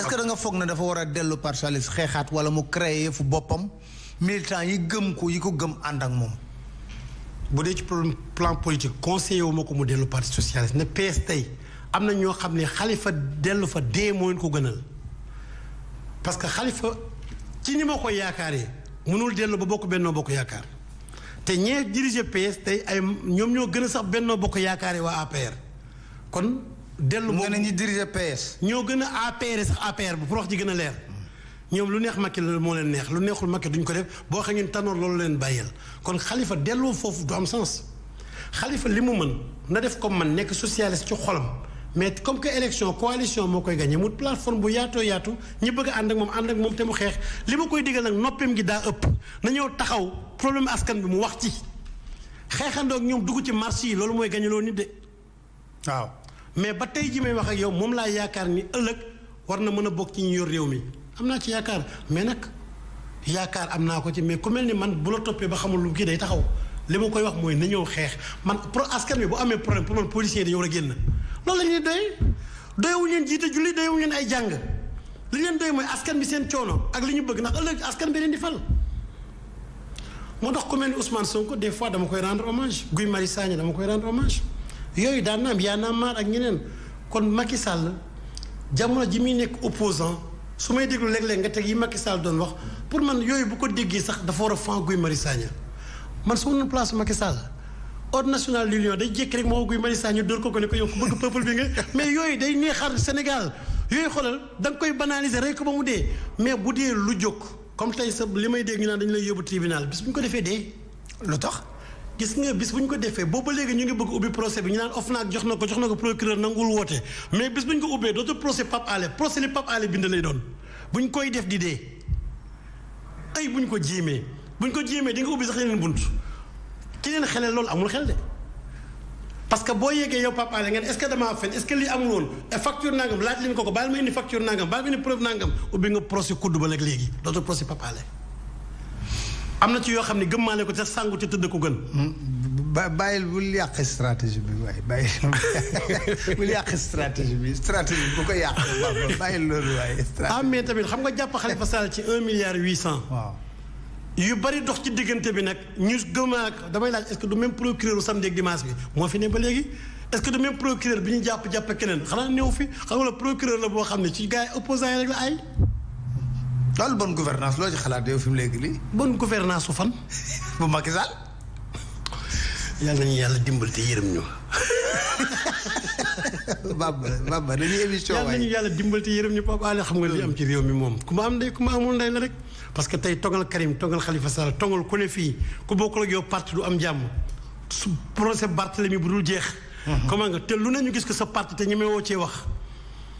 est-ce nga foog na dafa war a dellu parti socialiste xeexaat wala mu créer fu boppam militant yi gëm ko yi ko gëm ànd ak moom. bu dee ci plan politique conseiller wu ma ko mu dellu parti socialiste ne PS tey am na ñoo xam ne xalifa dellu fa dee moo ko gënal parce que xalifa ci ni ma ko yaakaaree mënul dellu ba bokk bennoo bokk yaakaar te ñee diriger PS tey ay ñoom ñoo gën a sax bennoo bokk yaakaaree waa APR kon. dellu moo nga ne ñi diriger PS. ñoo gën a APR sax APR bu pour wax ji gën a leer. ñoom lu neex Macky la moo leen neex lu neexul Macky duñ ko def boo xam ngeen tanoor loolu leen bàyyeel kon xalifa delloo foofu du am xalifa li mu mën na def comme man nekk socialiste ci xolam mais comme que élection coalition moo koy gagné mu plateforme bu yaatoo yaatu ñi bëgg a moom ànd ak moom te mu xeex li ma koy digal nag noppem daa ëpp na ñëw taxaw problème askan bi mu wax ci xeexandoo ak ñoom dugg ci marché yi loolu mooy gañaloo nit de waaw. mais ba tey ji may wax ak yow moom laa yaakaar ni ëllëg war na mën a bokk ci ñu yor réew mi am naa ci yaakaar mais nag yaakaar am naa ko ci mais ku mel ni man bu la toppee ba xamul lu kii day taxaw li ma koy wax mooy na ñëw xeex man pro askan wi bu amee problème pour man policier dañoo war a génn loolu la ñuy doy doyewuñu leen jiite julli doyewuñu leen ay jàng li leen doy mooy askan bi seen coono ak li ñu bëgg ndax ëllëg askan bi leen di fal. moo tax ku mel ni Ousmane Sonko des fois dama koy rendre hommage Guy Marius Sagna dama koy rendre hommage. yooyu daan na am yaa naa maar ak ñeneen kon Macky Sall jamono ji muy nekk opposant su may déglu léeg-léeg nga teg yi Macky Sall doon wax pour man yooyu bu ko déggee sax dafa war a fan Guy Marius man su ma doon place Macky Sall ordre national de l'union day jékki rek moo Guy Marius Sagna dóor ko ko ne ko yow ku bëgg peuple bi nga mais yooyu day neexal Sénégal yooyu xoolal da nga koy banaliser rek ba mu dee mais bu dee lu jóg comme tey sa li may dégg ñu naan dañu lay yóbbu tribunal bis bu ñu ko defee dee lu tax. gis nga bis bu ñu ko defee booba léegi ñu ngi bëgg ubbi procès bi ñu naan OFNAC jox na ko jox na ko procureur nangul woote mais bis bu ñu ko ubbee dootul procès Pape Alé procès li Pape bind lay doon bu ñu koy def di dee ay bu ñu ko jéemee bu ñu ko jéemee di ubbi sax yeneen bunt ki leen xelal loolu amul xel de parce que boo yeggee yow Pape ngeen est damaa fen est-ce que facture nangam laaj leen ko ko baal ma indi facture nangam baal ma indi preuve nangam ubbi nga procès am na ci yoo xam ne gëmmaale ko te sàngu ci tëdd ko gën. ba bàyyil bul yàq stratégie bi waaye bàyyil bul yàq stratégie bi stratégie bu ko yàq waaw bàyyil loolu waaye. ah mais tamit xam nga jàpp Khalifa Sall ci un milliard huit cent. waaw yu bari dox ci diggante bi nag ñu gëm ak damay laaj est-ce que du même procureur samedi ak dimanche bi moo fi ne ba léegi. est-ce que du même procureur bi ñu jàpp jàpp keneen xanaa néew fi xam nga procureur la boo xam ne ci gars yi opposants yi rek la ay. loolu bon gouvernance loo ci xalaat yow fi mu léegi lii. bonne gouvernance su fan. bu Macky Sall. yàlla nañu yàlla dimbal te yërëm ñu. Baba Baba dañuy émission waaye yàlla nañu yàlla dimbal te yërëm ñu Pape Alé xam nga li am ci réew mi moom ku ma am ndey ku ma amul ndey la rek. parce que tey tongal Karim tongal Khalifa Sall tongal ku ne fii ku bokkul ak yow parti du am jàmm su procès Barthélemy bu dul jeex. Mhm. comment nga te lu ne ñu gis ko sa parti te ñemewoo ci wax.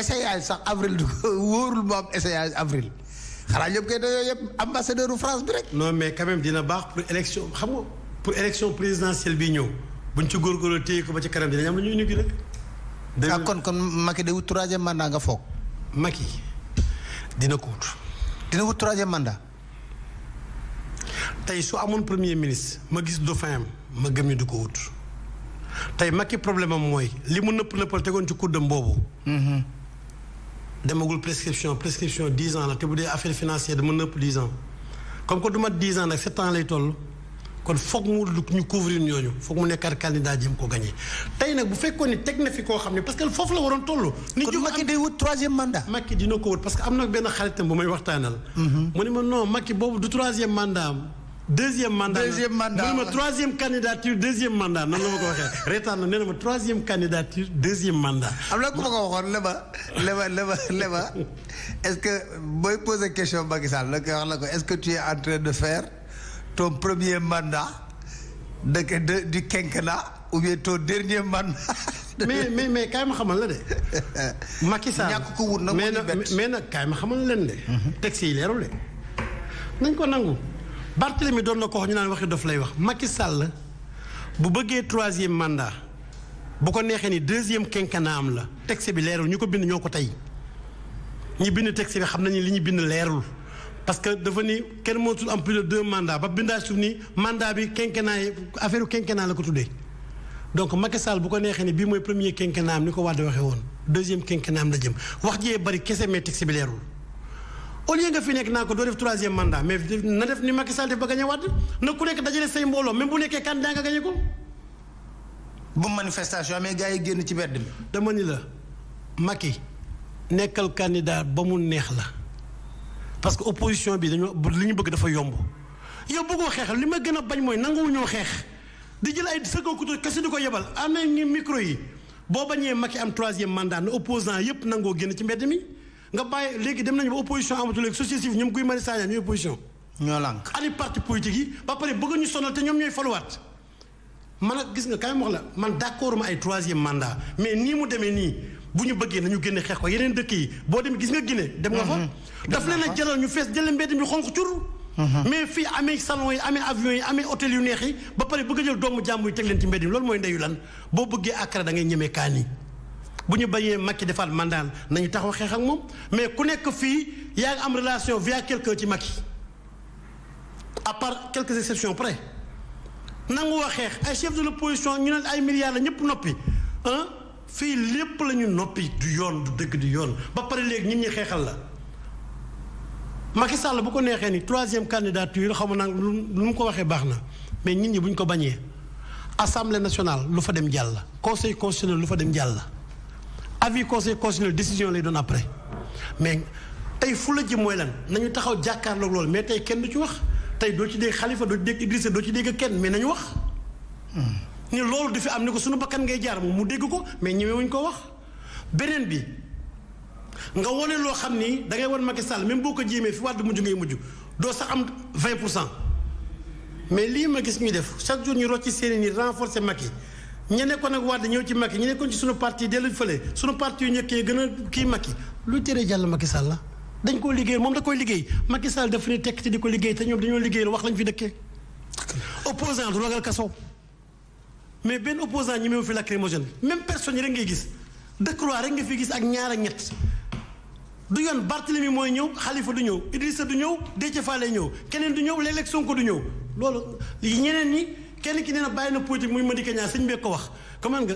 essayage sax avril du ko wóorul mu am essayage avril xanaa ñëpp kay dañoo yëpp ambassadeur u France bi rek. non mais quand dina baax pour élection xam nga pour élection présidentielle bi ñëw buñ ci góorgóorlu téye ko ba ci kanam dinañ am lu ñuy nuyu rek. Ah, kon kon Macky day wut troisième mandat nga foog. Macky dina ko wut. dina wut troisième mandat. tey su amoon premier ministre ma gis dauphin am ma gëm ni du ko wut tey Macky problème am mooy li mu nëpp nëppal tegoon ci kuddam boobu. Mm-hmm. demagul prescription prescription dix ans la te bu dee affaire financière dama nëpp dix ans comme que du mat ans nag sept ans lay toll kon foog mu ñu couvrir ñooñu foog mu nekkaat candidat jëm ko gagné tey nag bu fekkoon ni teg koo xam ne parce que foofu la waroon toll. ni kon Macky day wut troisième mandat. Macky dina ko wut parce que am na benn xaritam bu may waxtaanal. Mhm. mu ne ma non Macky boobu du troisième mandat am deuxième mandat deuxième mandat ma troisième candidature deuxième mandat na la ma ko waxee reetaan na nee na ma troisième candidature deuxième mandat. am na ku ma ko waxoon leba leba leba leba est-ce que booy poser question Macky Sall la ko est-ce que tu de faire ton premier mandat de de du quinquennat ou bien ton dernier mandat. mais mais mais kaay ma xamal la de. Macky mais nag kaay ma xamal leen de. Mhm. texte yi leerul de nañ ko nangu. Barthélemy doon na ko wax ñu naan waxi dof lay wax Macky Sall bu bëggee troisième mandat bu ko neexee ni deuxième quinquennat am la texte bi leerul ñu ko bind ñoo ko tey ñi bind texte bi xam nañu li ñu bind leerul parce que dafa ni kenn mënatul am plus de deux mandats ba bindaa suuf ni mandat bi quinquennat yi affaire quinquennat la ko tuddee donc Macky Sall bu ko neexee ni bii mooy premier quinquennat ni ko Wade waxee woon deuxième quinquennat am la jëm wax jee bari kese mais au lieu nga fi nekk naa ko doo def troisième mandat mais na def ni Macky Sall def ba gañe Wade na ku nekk dajale say mbooloo même bu nekkee candidat nga gañe ko. bu manifestation amee gars yi génn ci mbedd mi. dama ni la Macky nekkal candidat ba mu neex la parce que opposition bi dañoo li ñu bëgg dafa yomb yow bëggoo xeexal li ma gën a bañ mooy ñoo xeex di jël ay sa kooku di ko yebal am nañu micro yi boo bañee Macky am troisième mandat na opposant yépp nangoo génn ci mbedd mi. nga bàyyi léegi dem nañu ba opposition amatul léegi société civile ñoom Guy Marius Sagna ñooy opposition. ñoo lànk parti politique yi ba pare bëgg ñu sonal te ñoom ñooy faluwaat man a gis nga kaay wax la man d'accord ma ay troisième mandat mais nii mu demee nii bu ñu bëggee nañu génne xeex ko yeneen dëkk yi boo dem gis nga Guinée. dem nga fa mhm. daf leen a jaral ñu fees jëlee mbedd mi xonq cur. Mhm. mais fii amee salon yi amee avion yi amee hôtel yu neex yi ba pare bëgg a jël doomu jàmm yi teg leen ci mbedd mi loolu mooy ndeyu lan boo bëggee àkkara dangay ngay ñemee kaani bu ñu bañee Macky defaat mandat nañu taxaw xeex ak moom mais ku nekk fii yaa am relation via quelqu'un ci Macky à part quelques exceptions près nangu wax xeex ay chef de ñu ne ay milliards la ñëpp noppi ah fii lépp la ñu noppi du yoon du dëgg du yoon ba pare léegi ñun ñi xeexal la Macky Sall bu ko neexee ni troisième candidature xaw ma nag lu mu ko waxee baax na mais nit ñi bu ñu ko bañee assemblée nationale lu fa dem jàll conseil constitutionnel lu fa dem jàll la avis conseil constitutionnel décision lay doon après mais tey fu la ji mooy lan nañu taxaw jàkkaarloog loolu mais tey kenn du ci wax tey doo ci dégg Khalifa doo ci dégg Idrissa doo ci dégg kenn mais nañu wax. Hmm. ni loolu du fi am ne ko suñu bakkan ngay jaar moom mu dégg ko mais ñemewuñ ko wax beneen bi nga wone loo xam ni da ngay wan Macky Sall même boo ko jéemee fi wàdd mujj ngay mujj doo sax am 20 pour cent mais lii ma gis ñuy def chaque jour ñu rocci seen i nii renforcer Macky ña nekkoon ak Wade ñëw ci Macky ñu nekkoon ci suñu parti dellu fële suñu parti yu ñëkkee gën a kii Macky lu tere jàll Macky Sall la dañ koo liggéey moom da koy liggéey Macky Sall dafa ni tekk te di ko liggéey te ñoom dañoo liggéeyal wax lañ fi dëkkee opposant du mais benn opposant ñi meew fi lacrymogène même personne yi ngay gis Decroix rek nga fi gis ak ñaar ñett du yoon Barthélemy mooy ñëw Khalifa du ñëw Idrissa du ñëw Déthié Fall lay ñëw keneen du ñëw léeg-léeg Sonko du ñëw loolu ñeneen ñi kenn ki nee na bàyyi na politique muy Madické Niang sëñ bee ko wax comment nga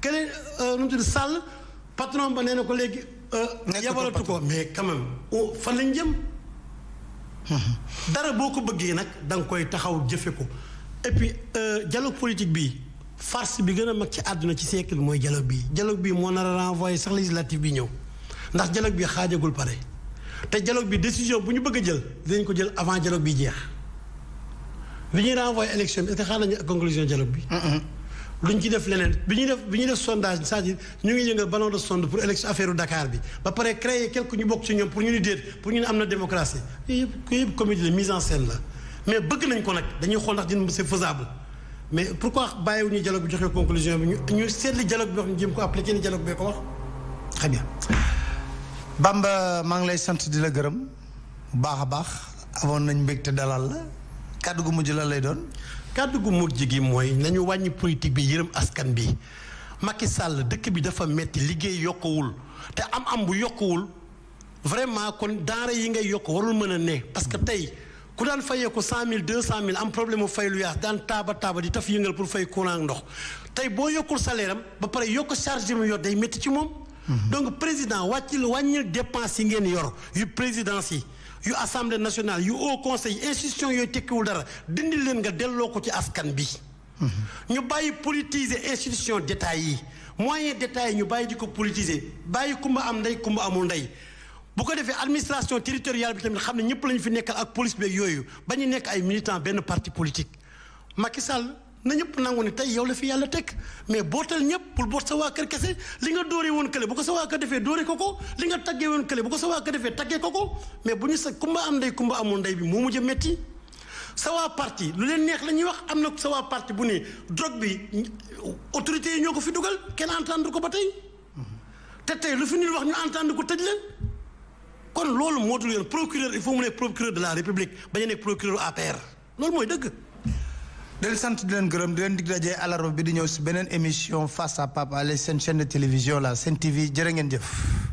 keneen euh, nu mu tudd Sall patron ba nee na ko léegi. Euh, yabalatu ko mais quand même oh, fan lañ jëm. dara boo ko bëggee nag da nga koy taxaw jëfe ko et puis euh, dialogue politique bi farce bi gën a mag ci àdduna ci siècle mooy dialogue bi dialogue bi moo nar a renvoyé sax législative bi ñëw ndax dialogue bi xaajagul pare te dialogue bi décision bu ñu bëgg a jël dinañ ko jël avant dialogue bi jeex. bi ñu renvoyé élection bi est-ce que xaar nañu conclusion dialogue bi. luñ ci def leneen bi ñuy def bi ñuy def sondage cest à ñu ngi yëngal ballon de sonde pour élection affaire Dakar bi ba pare créer quelque ñu bokk ci ñoom pour ñu ni déet pour ñu ne am na démocratie yëpp yëpp comédie la mise en scène la mais bëgg nañ ko nag dañuy xool ndax dina c'est faisable mais pourquoi bàyyiwuñu dialogue bi joxe conclusion bi ñu ñu seetli dialogue bi wax ñu jéem ko appliquer ni dialogue bee ko wax très bien. Bamba maa ngi lay sant di la gërëm bu baax a baax amoon nañ mbégte dalal la. kàddu gu mujj lan lay doon. kàddu gu mujj gi mooy nañu wàññi politique bi yërëm askan bi Macky Sall dëkk bi dafa metti liggéey yokkuwul te am-am bu yokkuwul vraiment kon denrée yi ngay yokk warul mën a ne parce que tey. ku daan fayee ko cent mille deux cent mille am problème mu fay lu yaas daan taaba taaba di taf yëngal pour fay courant ndox tey boo yokkul salaire am ba pare yokk charge yi mu yor day métti ci moom. Mhm. donc président wàccil wàññil dépense yi ngeen yor yu présidence yi. yu assemblée nationale yu haut conseil institution yooyu tekkiwul dara dindi leen nga delloo ko ci askan bi. Mhm. ñu bàyyi politiser institution d'état yi moyen d'état yi ñu bàyyi di ko politiser bàyyi kumba am ndey kumba amul ndey. bu ko defee administration territoriale bi tamit xam ne ñëpp lañu fi nekkal ak police beeg yooyu ba ñu nekk ay militant benn parti politique Macky na ñëpp nangu ni tey yow la fi yàlla teg mais bootal ñëpp pour boot sa waa kër kese li nga dóoree woon kële bu ko sawaa waa defee dóore ko ko li nga taggee woon kële bu ko sa waa kër defee taggee ko ko mais bu ñu sa kumba am ndey kumba amul ndey bi moo mujj a metti sa waa parti lu leen neex la ñuy wax am na sa waa parti bu ne drogue bi autorités yi ñoo ko fi dugal kenn entendre ko ba tey te tey lu fi nit wax ñu entendre ko tëj leen kon loolu moo dul yoon procureur il faut mu nekk procureur de la république bañ a nekk procureur APR loolu mooy dëgg. leen sant di leen gërëm di leen dig dajee bi di ñëw si beneen émission face à Pape Alé seen chaîne de télévision la Sen TV jërë ngeen jëf